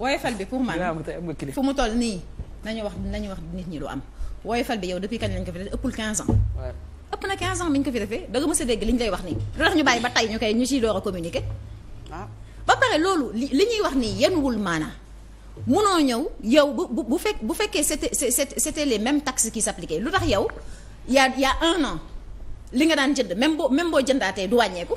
woyofal bi pour man fu mu toll nii nañu wax nañu wax nit ñi lu am woyofal bi yow depuis kañ lañ ko fi def ëppul 15 ans ëpp na 15 ans bi ñu ko fi defee da nga mës a dégg li ñu lay wax nii lu tax ñu bàyyi ba tey ñu koy ñu ciy door a communiquer ah. ba pare loolu li ñuy wax nii yenn wul maanaa munoo ñëw yow bu bu fekk bu fekkee c'était c'était les mêmes taxes qui s'appliquaient lu tax yow yaa yaa y a un an li nga daan jënd même boo même boo jëndaatee du wàññeeku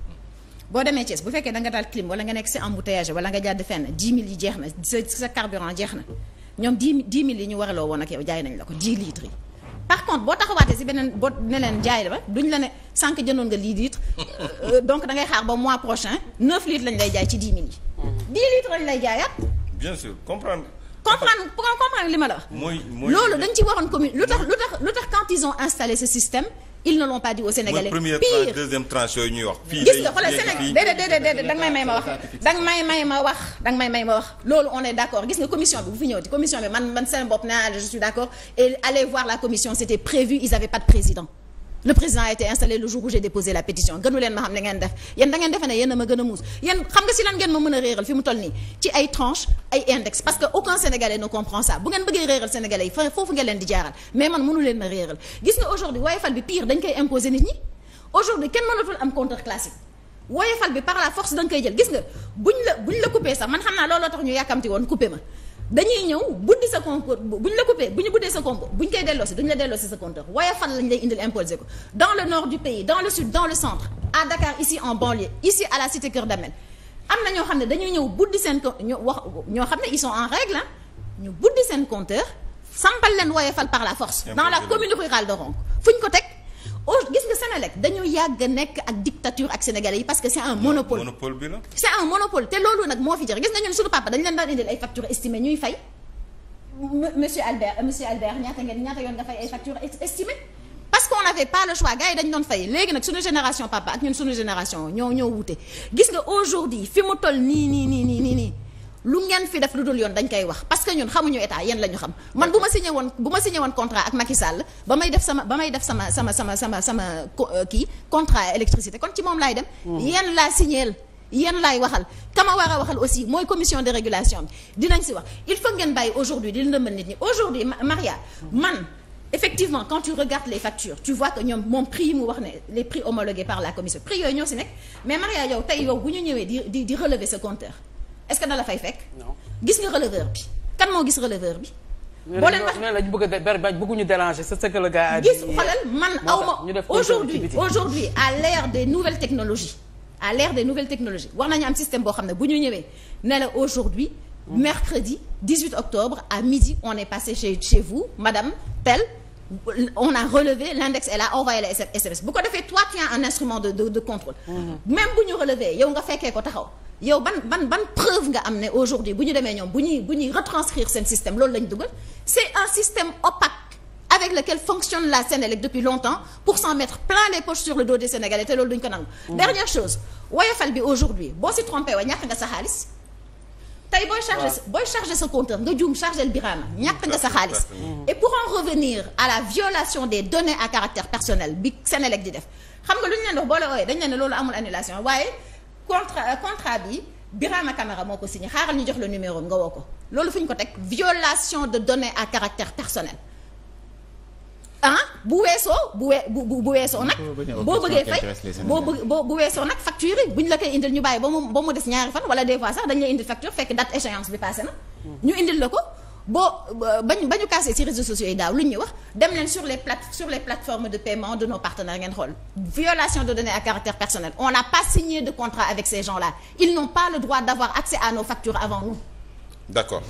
boo demee Thiès bu fekkee da nga daal clim wala nga nekk si embouteillage wala nga jàdd fenn 10 000 yi jeex na sa sa carburant jeex na ñoom 10 10 yi ñu waraloo woon ak yow jaay nañ la ko 10 litres yi. par contre boo taxawaatee si beneen boo ne leen jaay ba duñ la ne sànq jëndoon nga lii litre euh, euh, donc da xaar ba mois prochain 9 litres lañ lay jaay ci 10 000 yi. 10 litres lañ lay jaayaat. bien sûr comprendre. comprendre comprendre li ma la wax. mooy mooy loolu dañ ci waroon lu tax lu tax lu tax quand ils ont installé ils ne l'ont pas dit aux Sénégalais. pire première tranche deuxième tranche yooyu ñuy wax. fii gis nga xoolal Sénégal déedéet déedéet déedéet danga may may ma wax danga may may ma wax danga may may ma wax loolu on est d' accord gis nga commission bi bu fi ñëwati commission bi man man seen bopp naa je suis d' accord et allez voir la commission c' était prévu ils avaient pas de président. le président a été installé le jour où j'ai la pétition gënu ma xam ne ngeen def yéen da defe ne yéen a ma gën a muus yéen xam nga si lan ngeen ma mën a réeral fi mu toll nii ci ay tranche ay index parce que aucun sénégalais ne comprend ça bu ngeen bëggee réeral sénégalais yi foofu ngeen leen di jaaral mais man mënu leen ma réeral gis nga aujourd'hui woyofal bi pire dañ koy imposer nit ñi aujourd'hui kenn mënatul am compteur classique woyofal dañuy ñëw buddi sa concours bu ñu la coupé bu ñu buddee sa concours bu ñu koy delloosi duñu la delloosi sa compteur waaye fan lañ lay indil imposé ko dans le nord du pays dans le sud dans le centre à Dakar ici en banlieue ici à la cité Kër Damel am na ñoo xam ne dañuy ñëw buddi seen ko ñu wax ñoo xam ne ils sont en règle ñu buddi seen compteur sampal leen waaye fal par la force dans la commune rurale de Ronk fu ñu ko teg o gis nga Sénélec dañu yàgg nekk ak dictature ak sénégalais yi parce que c' est un monopole. monopole bi la. c' est un monopole te loolu nag moo fi jar gis nga ñun suñu papa dañu leen daan indil ay factures estimées ñuy fay monsieur Albert euh, monsieur le choix gars dañ doon fay léegi nag suñu génération papa ak ñun suñu génération ñoo ñoo wute gis nga aujourd'hui fi mu toll nii nii nii nii nii. lu ngeen fi def lu dul yoon dañ koy wax parce que ñun xamuñu état yéen la ñu xam man bu ma signé woon bu ma signé woon contrat ak Macky Sall ba may def sama sama sama sama euh, kii contrat électricité kon ci moom laay dem hmm. yéen laa signéel yéen laay waxal kama war a waxal aussi mooy commission de régulation bi dinañ si wax il faut ngeen bàyyi aujourd'hui di lëndëmal nit ñi aujourd'hui Maria man effectivement quand tu regardes les factures tu vois que ñoom moom prix yi mu ñoo si nekk mais Maria yow tey yow di di di relever est-ce que na la fay fekk. gis nga releveur bi kan moo gis releveur bi. boo leen wax nee la ñu bëgg a bëgguñu déranger c'est ce que le gars a dit. gis xoolal man aw ma aujourd'hui aujourd'hui à l'ère des nouvelles technologies à l'ère des nouvelles technologies war nañu am système boo xam ne bu ñu ñëwee ne la aujourd'hui mercredi 18 octobre à midi on est passé chez chez vous madame Pell on a relevé l'index est là envoyé la SMS bu ko defee toi tu as un instrument de de de contrôle. Mhm. même bu ñu relevé yow nga fekkee ko taxaw. yow ban ban ban preuve nga am ne aujourd'hui bu ñu demee ñoom bu ñuy bu ñuy retranscrire seen système loolu lañ dugal c'est un système opaque avec lequel fonctionne la Sénélec depuis longtemps pour s'en mettre plein les poches sur le dos des Sénégalais te loolu duñ ko nangu. Mm. dernière chose woyofal bi aujourd'hui boo si trompé wa ñàkk nga sa xaalis. tey booy chargé booy chargé sa compteur nga juum chargé le Birama ñàkk nga sa xaalis. et pour en revenir boo la ooyee dañu leen ne loolu amul annulation contrat euh, contrat bi Birama Camara moo ko signé xaaral ñu jox la numéro nga woo ko loolu fu ñu ko teg violation de données à caractère personnel ah bu weesoo bu wee bu bu weesoo nag. boo bëggee fay boo bëgg boo bu weesoo nag facture yi bu ñu la koy indil ñu bàyyi ba mu ba mu des ñaari fan wala des fois sax dañu lay indil facture fekk date échéance bi passé na. Mm. ñu indil la ko. boo bañ ba ñu casé ci sociaux yi daaw lu ñu wax dem leen sur les plate sur les plateformes de paiement de nos partenaires ngeen xool violation de données à caractère personnel on n'a pas signé de contrat avec ces gens-là ils n'ont pas le droit d'avoir accès à nos factures avant nous d'accord